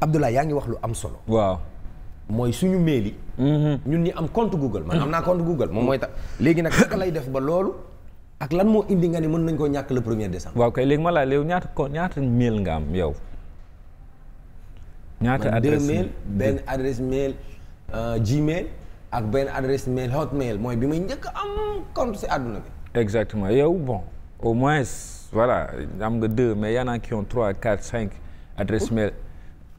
Abdoulaye yaa ngi wax lu am solo. waaw mooy suñu mail yi. Mm-hmm. ñun ñi am compte Google. man am naa compte Google moom mooy tax. Mm-hmm. léegi nag naka lay def ba loolu. ak lan moo indi nga ni mën nañ koo ñàkk la premier décembre. waaw kay léegi ma laaj yow ñaata ko ñaata mail nga am yow. ñaata adresse mail benn adresse mail euh, Gmail ak benn adresse mail Hotmail mooy bi may njëkk am compte si àdduna bi. exactement yow bon au moins voilà am nga deux mais y en a qui ont trois quatre cinq adresse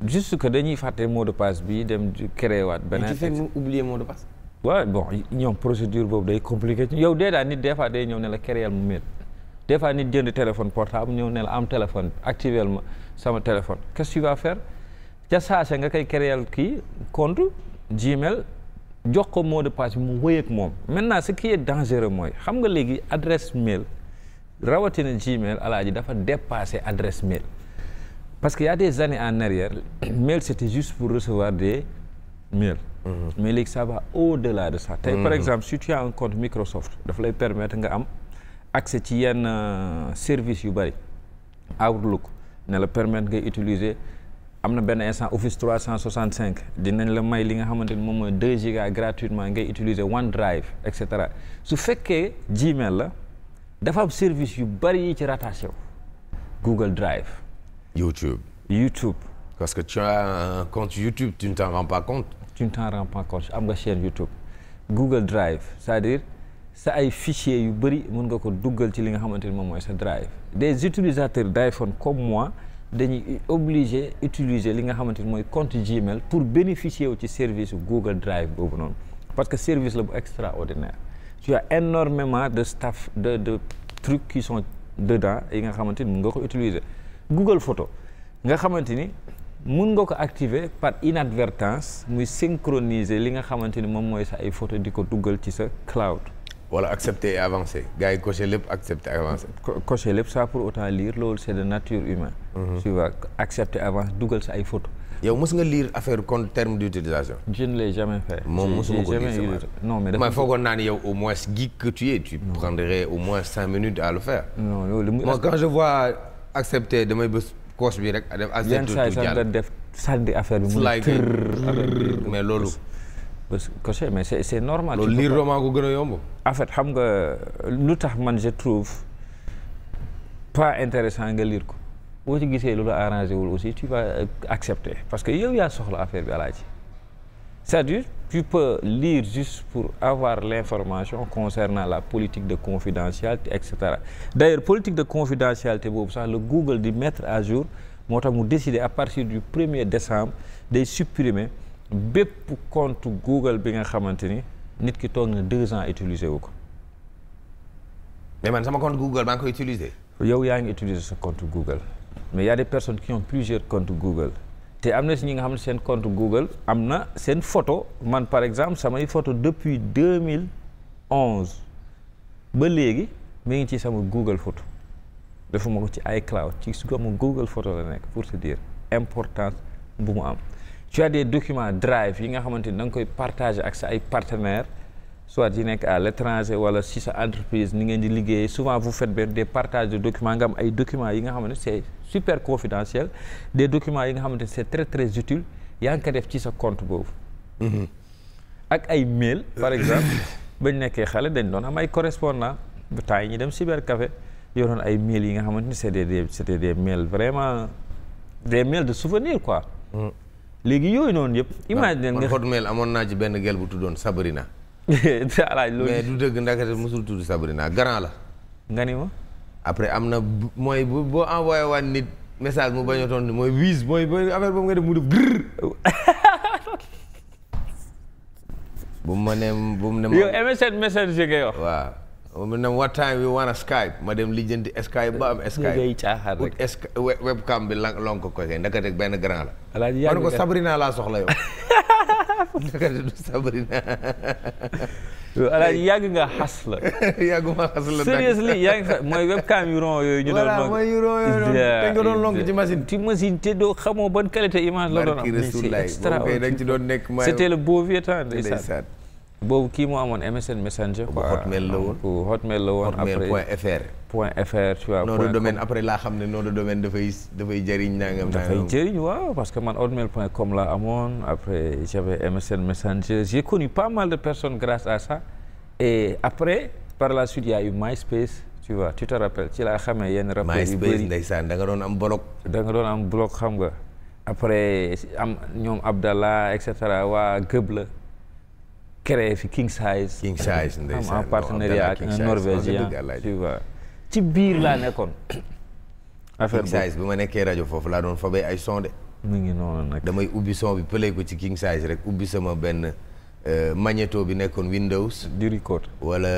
juste que dañuy fàtte mot de passe bi dem créé waat. beneen mais tu oublier mot de passe. waaw bon ñoom procédure boobu day compliqué ci yow dee daal nit des fois day ñëw ne la créé mu mét. des fois nit jënd téléphone portable ñëw ne am téléphone activé ma sama téléphone qu'est-ce que tu vas faire ca nga koy créé kii compte Gmail jox ko mot de passe bi mu wéy ak moom. maintenant ce qui est dangereux mooy xam nga léegi adresse mail rawatina Gmail alaaji dafa dépassé adresse mail. parce que y des années en arrière mail c'était juste pour recevoir des mails mm -hmm. mais léegi au de la de mm -hmm. par mhm. exemple si tu as un compte Microsoft daf lay permettre nga am accès ci yenn euh, service yu bëri Outlook ne la permettre nga utiliser am na benn instant Office 365 dinañ la may li nga xamante ni moom mooy 2 giga gratuitement ngay utiliser OneDrive et cetera su fekkee Gmail la dafa am service yu bëri yi ci rattaché Google Drive YouTube. YouTube. parce que tu as un compte YouTube tu ne t'en rends pas compte. am nga chaîne YouTube. Google Drive c'est-à-dire sa ay fichiers yu bëri mën nga ko duggal ci li nga xamante ni moom mooy sa Drive. des utilisateurs d'iPhone comme moi dañuy obligé utiliser li nga xamante ni mooy compte Gmail pour bénéficier wu ci service Google Drive boobu noonu parce que service la bu extraordinaire tu as énormément de staff de de trucs qui sont dedans yi nga xamante ni mën nga ko utiliser. Google photo nga xamante ni mun nga ko activer par inadvertance muy synchroniser li nga xamante ni moom mooy sa ay photo di ko duggal ci sa cloud. wala accepter et avancer gars yi coché lépp accepter avancer. coché lépp ça pour autant lire loolu c' est de nature humaine. Mhm. tu vois accepter avancer duggal sa ay photo yow mës nga liir affaire compte terme d' utilisation. je ne l'ai jamais fait. moom mësuma ko lire no mais dafa foogoon naa ni yow au moins geek que tu es tu prendrais au moins cinq accepté damay bës coche bi rek. def accepté tout jàll nga def sànni affaire bi. mu mais loolu. bës coché mais c'est normal. loolu lire roman ko gën a yomb. en fait xam nga lu tax man je trouve pas intéressant nga liir ko boo ci gisee lu la arrangé wul aussi tu vas accepter parce que yow yaa soxla affaire bi alaaji. c'est-à-dire tu peux lire juste pour avoir l'information concernant la politique de confidentialité et cetera d'ailleurs politique de confidencialité boobu sax le Google di mettre à jour moo tax mu décider à partir du premier er décembre day supprimer bépp compte Google bi nga xamante ni nit ki toog na deux ans utiliser wu ko. mais man sama compte Google maa ngi koy utiliser. yow yaa ngi utiliser sa compte Google mais y a des personnes qui ont plusieurs comptes Google. te am na si ñi nga xam ne seen contre Google am na seen photo man par exemple samay photo depuis deux mille onze ba léegi mu ngi ci sama Google photo defuma ko ci iCloud ci sama Google photo la nekk pour te dire important bu mu am tu as des documents drive yi nga xamante ni da nga koy partager ak sa ay partenaires soit yi nekk à l'étranger wala ci sa entreprise ni ngeen di liggéey souvent vous faites des partages de documents nga am ay documents yi nga xam ne c'est super confidentiel yi nga xamante ne c'est très très utile yaa ngi ko def ci sa compte boobu mhm. ak ay mail par exemple bañ nekkee xale dañ doon am ay correspondant bu temps yi ñu dem cybercafé yoroon ay mail yi nga xamante ni c'est des c'était des mails vraiment des mails de souvenir quoi mhm. léegi yooyu noonu yëpp ah, imagine nga man mail amoon naa ci benn gel bu tuddoon na alaaj loolu mais du dëgg ndakate mosul tudd Sabrina grand la. nga ni ma. après am na mooy bu boo envoyé waat nit message mu bañ a tontu mooy wiis mooy affaire boobu nga def mu def grrr. bu mu ma ne bu mu ne ma. yow MSN Messenger ngay wax. waaw bu mu ne what time we wanna Skype ma dem lijjanti Skype ba am. Skype ngay caaxaan rek webcam bi lank lonk ko koy ndakate benn grand la. alaaji yaa ko Sabrina laa soxla yow. naaf du sabrina alaaji yàgg nga xas la yàgguma xas la seriously yàgg nga mooy webcam yu ron yooyu ñu doon lonk mooy yu ron yooyu dañ ko doon lonk ci machine ci machine te doo xamoo ban qualité image la doon am c'est extraordinaire c'était le beau vieux temps ndeysaan boobu kii moo amoon MSN Messenger. bu Hotmail la woon bu Hotmail la woon. après point fr. laa xam ne nom de domaine dafay dafay jëriñ. nangam nangam dafay jëriñ waaw parce que man Hotmail point com laa amoon après j'avais MSN Messenger j'ai connu pas mal à ça après par la suite y a eu MySpace. tu vois tu te ci laa xamee yenn rappels yu bëri ndeysaan da danga doon am bloc. da nga doon am bloc xam nga après am ñoom Abdallah et cetera waa Gëb la. créé fi King Size. King Size ndeysaan en partenariat ak un norvégien tu vois ci biir laa nekkoon. affaire King Size bi ma nekkee rajo foofu laa doon bay ay son de. mu ngi noonu nag damay ubbi son bi pëlee ko ci King Size rek ubbi sama benn euh, magnéto bi nekkoon Windows. du record wala.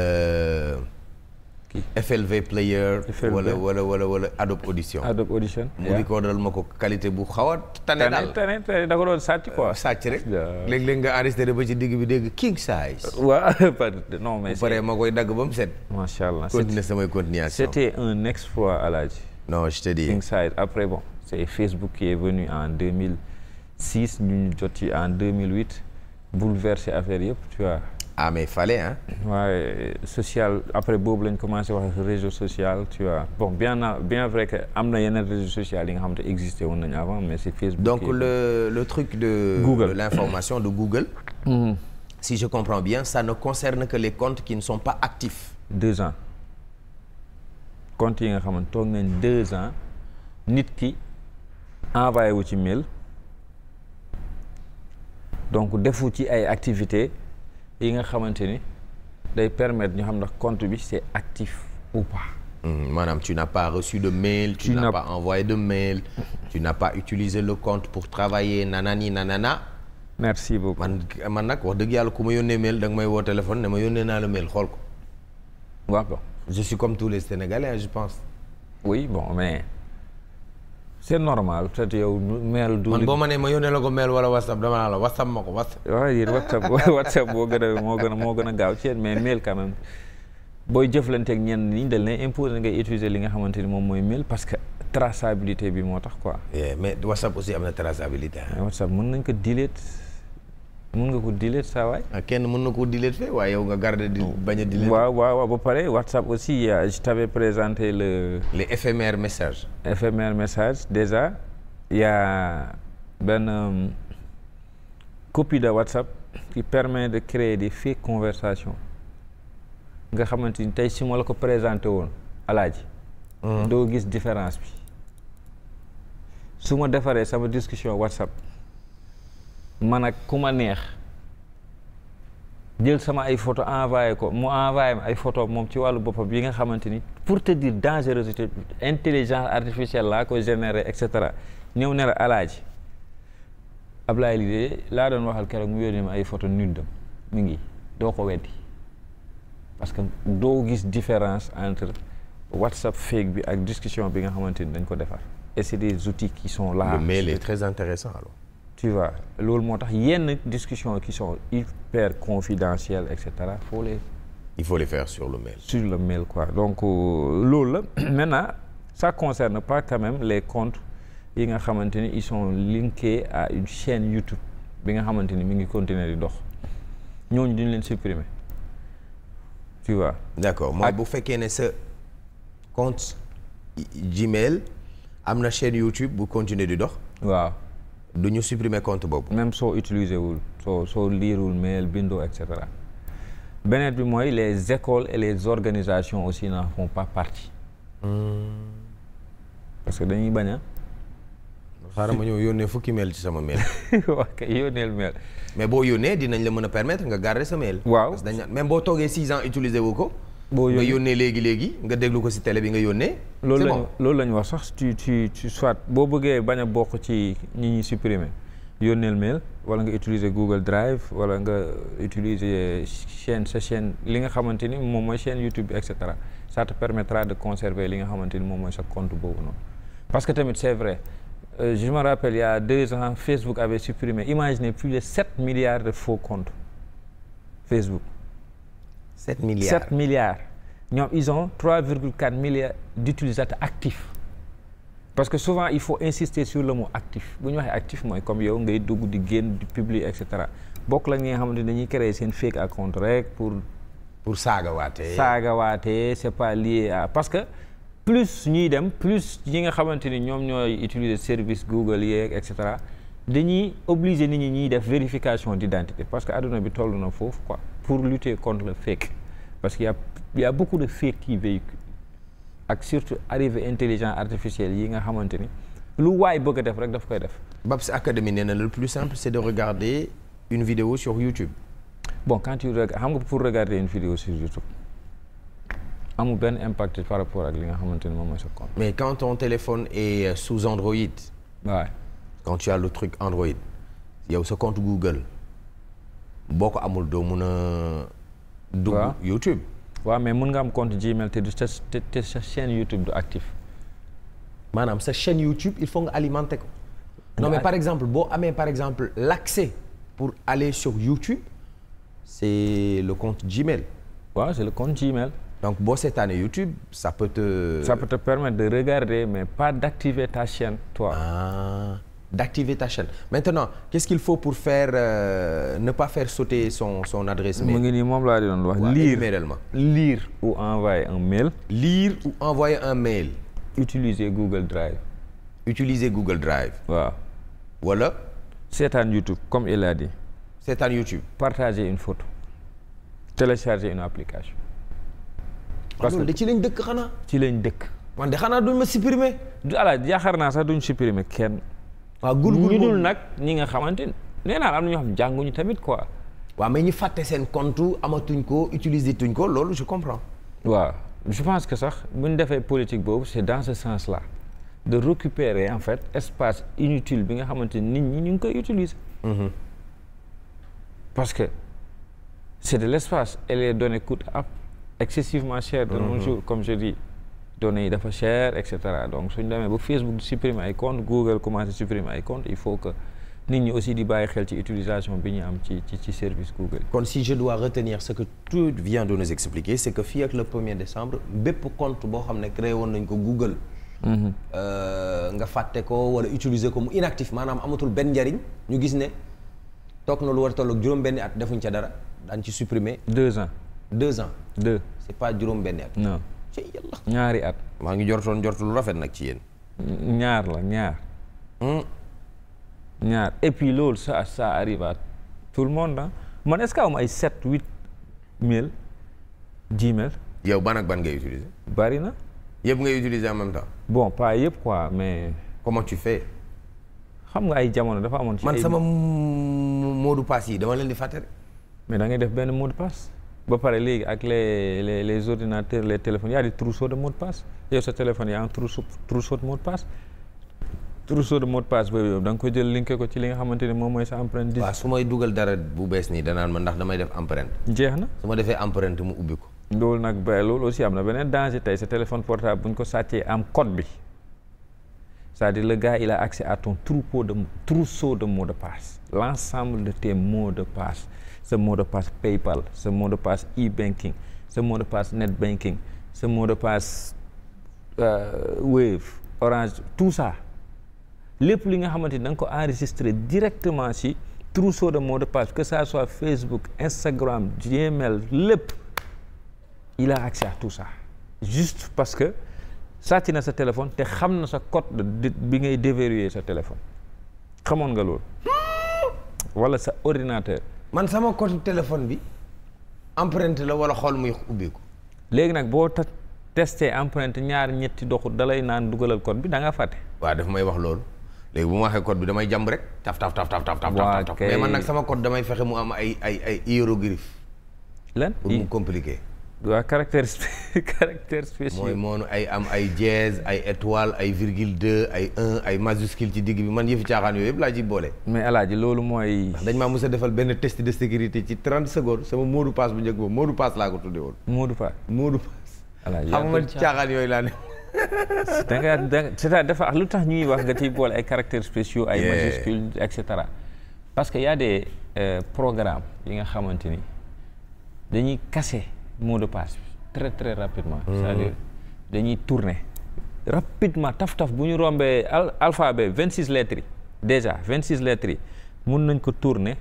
FLV player. wala wala wala wala Adobe Audition. Adobe Audition mu recordal ma ko qualité bu xaw a. tane daal tane tane da ko doon sàcc quoi. Euh, sàcc rek léeg-léeg nga enregistré ba ci digg bi dégg king size. Euh, waaw non mais. bu paree ma koy dagg ba mu set. macha allah continué samay continuation. c'était un exploit Alaaji. non je te dis king size après bon. c'est Facebook qui est venu en 2006 ñu jot ci en 2008 bouleversé affaire yëpp tu ah mais fallait hein. waaye social après boobu lañ commencé wax réseau social tu vois bon bien bien vrai que am na yeneen réseaux sociaux yi nga xam te existé woon nañu avant mais c'est Facebook. donc le le truc de. Google de l'information de Google. Mhm. si je comprends bien ça ne concerne que les comptes qui ne sont pas actifs. deux ans comptes yi nga xam ne toog nañ deux ans nit ki envoyé wu ci mail donc defu ci ay activités. yi nga xamante ni day permettre ñu xam ndax compte bi c'est actif ou pas. Mmh, maanaam tu na pa reçu de mail. tu, na n'as pas envoyé de mail. tu na pas utilisé le compte pour travailler nanani nanana. merci beaucoup man man nag wax dëgg yàlla ku ma yónnee mail dang may woo téléphone ne ma yónnee naa la mail xool ko. waaw je suis comme tous les Sénégalais je pense. oui bon mais. c' est normal peut-être yow mail du man boo ma nee ma yónnee la ko mail wala whatsapp dama naa la whatsapp ma ko whatsapp waaw yéen whatsapp whatsapp boo gën a moo gën a moo gën a gaaw ci yéen mais mail quand même booy jëflanteeg ñenn ñi dañ lay imposer ngay utiliser li nga xamante ni moom mooy mail parce que traçabilité bi moo tax quoi mais whatsapp aussi am na traçabilité whatsapp mën nañ ko delete mun nga ko delete saa waay. Ah, kenn mun na koo delete fee waaye yow nga garder di oh. bañ a delete. waaw waaw ba pare WhatsApp aussi ah, je t'avais présenté le. les éphémères messages. éphémères messages déjà benn euh, copie de WhatsApp qui permet de créer des fake conversations nga xamante ni tey si ma la ko présenté woon alaaji. doo gis différence bi su ma defaree sama discussion WhatsApp. man ak ku ma neex jël sama ay photo envoyé ko mu envoyé ma ay photo moom ci wàllu boppam yi nga xamante ni pour te dire dangerosité intelligence artificielle laa ko généré et cetera ñëw ne la alaaji Ablaye Lidé laa doon waxal keroog mu yónnee ma ay photo nuddam mu ngi doo ko weddi parce que doo gis différence entre WhatsApp fake bi ak discussion bi nga xamante ni dañ ko defar et c'est des outils qui sont là. Le mail est très intéressant tu vois loolu moo tax yenn discussions qui sont hyper confidentielles et cetera faut les. il faut les faire sur le mail. sur le mail quoi donc euh, loolu la maintenant ça concerne pas quand même les comptes yi nga xamante ni ils sont à une chaîne YouTube bi nga xamante ni mi ngi continuer di dox ñooñu duñ leen supprimer tu vois. d'accord mooy bu fekkee ne sa compte Gmail am na chaîne YouTube bu continuer di dox. waaw. du ñu supprimer compte boobu. même soo utiliser wul soo soo liirul mail bindoo et cetera beneen bi mooy les écoles et les organisations aussi n'en font pas partie. Hmm. parce que dañuy bañ a. xaaral ma ñëw yónnee fukki mail ci sama mail. waaw kay yónneel mail. mais boo yónnee dinañ la mën a permettre nga garder sa mail. waaw parce même boo toogee six ans utiliser wu ko. boo yónnee nga yónnee léegi léegi nga déglu ko si télé bi nga yónnee. loolu lañu loolu la wax sax ci ci ci soit boo bëggee bañ a bokk ci ñi ñuy supprimer yónneel mail wala nga utiliser Google Drive wala nga utiliser chaîne sa chaîne li nga xamante ni moom mooy chaîne YouTube bi et cetera ça de conserver li nga xamante ni moom mooy sa compte boobu noonu. parce que tamit c'est vrai euh, je me rappelle il y a deux ans Facebook avait supprimé imaginez plus de sept milliards de faux comptes 7 milliards 7 milliards trois ils ont 3,4 milliards d'utilisateurs actif parce que souvent il faut insister sur le mot actif bu ñu waxee actif mooy comme yow ngay dugg di génn di publier et cetera bokk la ñi nga xamante dañuy créer seen fake account rek pour. pour saagawaatee saagawaatee c'est pas lié parce que plus ñuy dem plus ñi nga xamante ni ñoom ñooy utiliser service Google yeeg et cetera. dañuy obligé nit ñi ñuy def vérification d'identité parce que àdduna bi toll na foofu quoi pour lutter contre la fake parce que y a y a beaucoup de fake ak surtout arrivée intelligence artificielle yi nga xamante ni lu waay bëgg a def rek daf koy def. Babs Academy nee na le plus simple c'est de regarder une vidéo sur YouTube. bon quand xam nga pour regarder une vidéo sur YouTube amul benn impact par rapport ak li nga xamante ni moom mooy sa compte. mais quand ton téléphone est euh, sous Android. quand tu as le truc Android yow sa compte Google boo ko amul doo mun a. dugg YouTube. waaw ouais, mais mun nga am compte Gmail te du sa te YouTube du actif. maanaam sa chaîne YouTube il faut nga alimenter ko. non mais par exemple boo amee par exemple l'accès pour aller sur YouTube c'est le compte Gmail. waaw ouais, c'est le compte Gmail. donc boo seetaanee YouTube ça peut te. ça de regarder mais pas d'activer ta chaîne toi. Ah. d'activer ta chaîne maintenant qu'est-ce qu'il faut pour faire euh, ne pas faire sauter son son adresse mail. ngi nii moom laa di doon wax. lire lire ou envoyer un mail. lire ou envoyer un mail. utiliser Google Drive. utiliser Google Drive. waaw. voilà. seetaan YouTube comme il a dit. seetaan YouTube. partager une photo. télécharger une application. Ah, parce que ci lañ dëkk xanaa. ci lañ dëkk. wante de xanaa duñ ma supprimer. du yaakaar naa sax duñ supprimer kenn. waaw gul gul ñu dul nag ñi nga xamante nee naa am na ñoo xam jànguñu tamit quoi. waa may ñu fàtte seen compte amatuñ ko utiliser tuñ ko loolu je comprends. waaw je pense que sax bu ñu defee politique boobu c'est dans ce sens la de récupérer en fait espace inutile bi nga xamante nit ñi ñu ngi koy utiliser. Mhm. parce que c'est de l'espace et les données coûtent excessivement cher de nos mhm. jours comme je dis. données yi dafa cher et cetera donc suñ demee ba Facebook di supprimer ay compte Google commencé supprimer ay compte il faut que nit ñi aussi di bàyyi xel ci utilisation bi ñu am ci ci ci service Google. kon si je dois retenir ce que tu viens de nous expliquer c'est que fii ak le premier décembre bépp compte boo xam ne créé woon nañ ko Google. Mhm. Euh, nga fàtte ko wala utiliser ko mu inactif maanaam amatul benn njariñ ñu gis ne toog na lu war a juróom-benni at defuñ ca dara daañu ci supprimer. deux ans deux ans. deux juróom-benni at. non. ci ñaari at maa ngi jortoon jortu lu rafet nag ci yéen ñaar la ñaar hmm? ñaar et puis loolu ça ça arrive à tout le monde ah man que am ay sept huit mille Gmail yow ban ak ban ngay utiliser bari na yëpp ngay utiliser en même temps bon pas yëpp quoi mais comment tu fais xam nga ay jamono dafa amoon ci man sama mot de yi dama leen di fàtte mais da def benn mot de ba pare léegi ak les les les ordinateurs les téléphones y a des trousseaux de mot yow sa téléphone y a un trousseau trousseau de mot de passe a de mot boobu yow da ko jël linké ko ci li nga xamante ni moom mooy sa empreinte. waaw su may dugal dara bu bees nii danaan ma ndax damay def empreinte. jeex na su ma defee empreinte mu ubbi ko. loolu nag ba loolu aussi am na beneen danger tey sa téléphone portable bu ñu ko sàccee am code bi. c'est-à-dire le gars il a accès à ton troupeau de trousseau de mots de passe l'ensemble de tes mots de passe ce mot de passe PayPal ce mot passe e-banking ce mot de passe net banking ce mot passe euh, Wave Orange tout ça lépp li nga xamante ni da ko enregistré directement ci trousseau de mots de passe que ça soit Facebook Instagram Gmail lépp il a accès à tout juste parce sàcc na sa téléphone te xam na sa code bi ngay déverrouiller sa téléphone xamoon nga loolu wala sa ordinateur man sama code téléphone bi empreinte la wala xool muy ubbeeku léegi nag boo ta testé empreinte ñaar ñetti doxu dalay naan dugalal code bi da nga fàtte waa def may wax loolu léegi bu ma waxee code bi damay jàmb rek taf taf taf taf taf taf taf mais man nag sama code damay fexe mu am ay ay ay hiéroglyphe lan pour mu compliqué waa caractère caractère spécial. mooy moonu ay am ay dièse ay étoile ay virgule deux ay un ay majuscule ci digg bi man yëfi caaxaan yooyu yëpp laa ci boole. mais alaaj loolu mooy. dañ maa mos defal benn test de sécurité ci trente secondes sama mot de passe bu njëkk boobu mot de passe laa ko tuddee woon. mot de passe mot de passe. alaaji xam nga caaxaan yooyu laa ne. da nga da cest lu tax ñuy wax nga ciy boole ay caractères spéciaux ay majuscule et cetera parce que y a des euh, programmes yi nga xamante ni dañuy casser. mot de passe bi très très rapidement. Hmm. c'est-à-dire dañuy tourner. rapidement taf taf bu ñu rombee alphabet vingt six lettres yi déjà vingt six lettres yi mun nañ ko tourner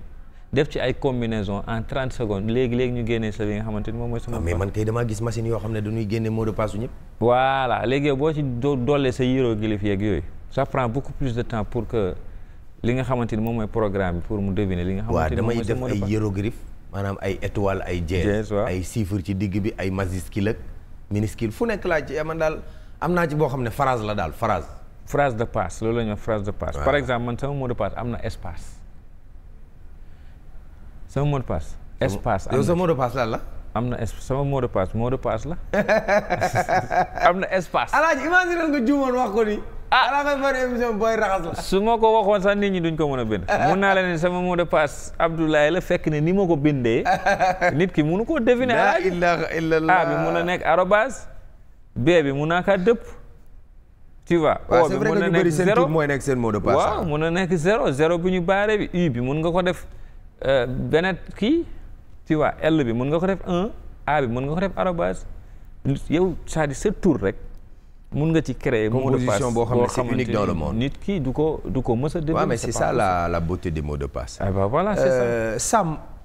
def ci ay combinaison en trente secondes léegi léegi ñu génnee sa li nga xamante moom mooy. sama ah, mais man kay damaa gis machine yoo xam ne dañuy génne mot de passe su ñëpp. voilà léegi boo ci dollee sa hiéroglyphe yeeg yooyu. ça prend beaucoup plus de temps pour que li nga xamante ni moom mooy programme bi pour mu li nga xamante ni moom mooy sa maanaam ay étoile ay jeex ay chiffre ci digg bi ay majuscule ak minuscule fu nekk laa ci eh, man daal am naa ci boo xam ne phrase la daal phrase phrase de passe loolu la ñuy phrase de passe par exemple man sama mot de passe am na espace sama mot de passe espace yow sa mot de passe lan la am na espace sama mot de passe mot de passe la am na espace. alaaji imagine nga juumoon wax ko ni. ah ala su ma ko waxoon sax nit ñi duñ ko mën a bind. mun naa la sama mot de passe Abdoulaye la fekk ne ni ma ko bindee nit ki munu koo deviner. la a bi mun na nekk arobase. b bi mun naa kaa dëpp. tu vois o bi mun na nekk zéro mooy nekk nga ko def euh, beneen kii. tu waa L bi mun nga ko def 1 A bi mun nga ko def arobase yow c'est-à-dire sa tour rek mun nga ci créer mot de passe boo xamante c'est unique dans le monde nit ki du ko du ko mës a. waaw mais c'est ça la la beauté des mots de passe. ah voilà euh, Sam.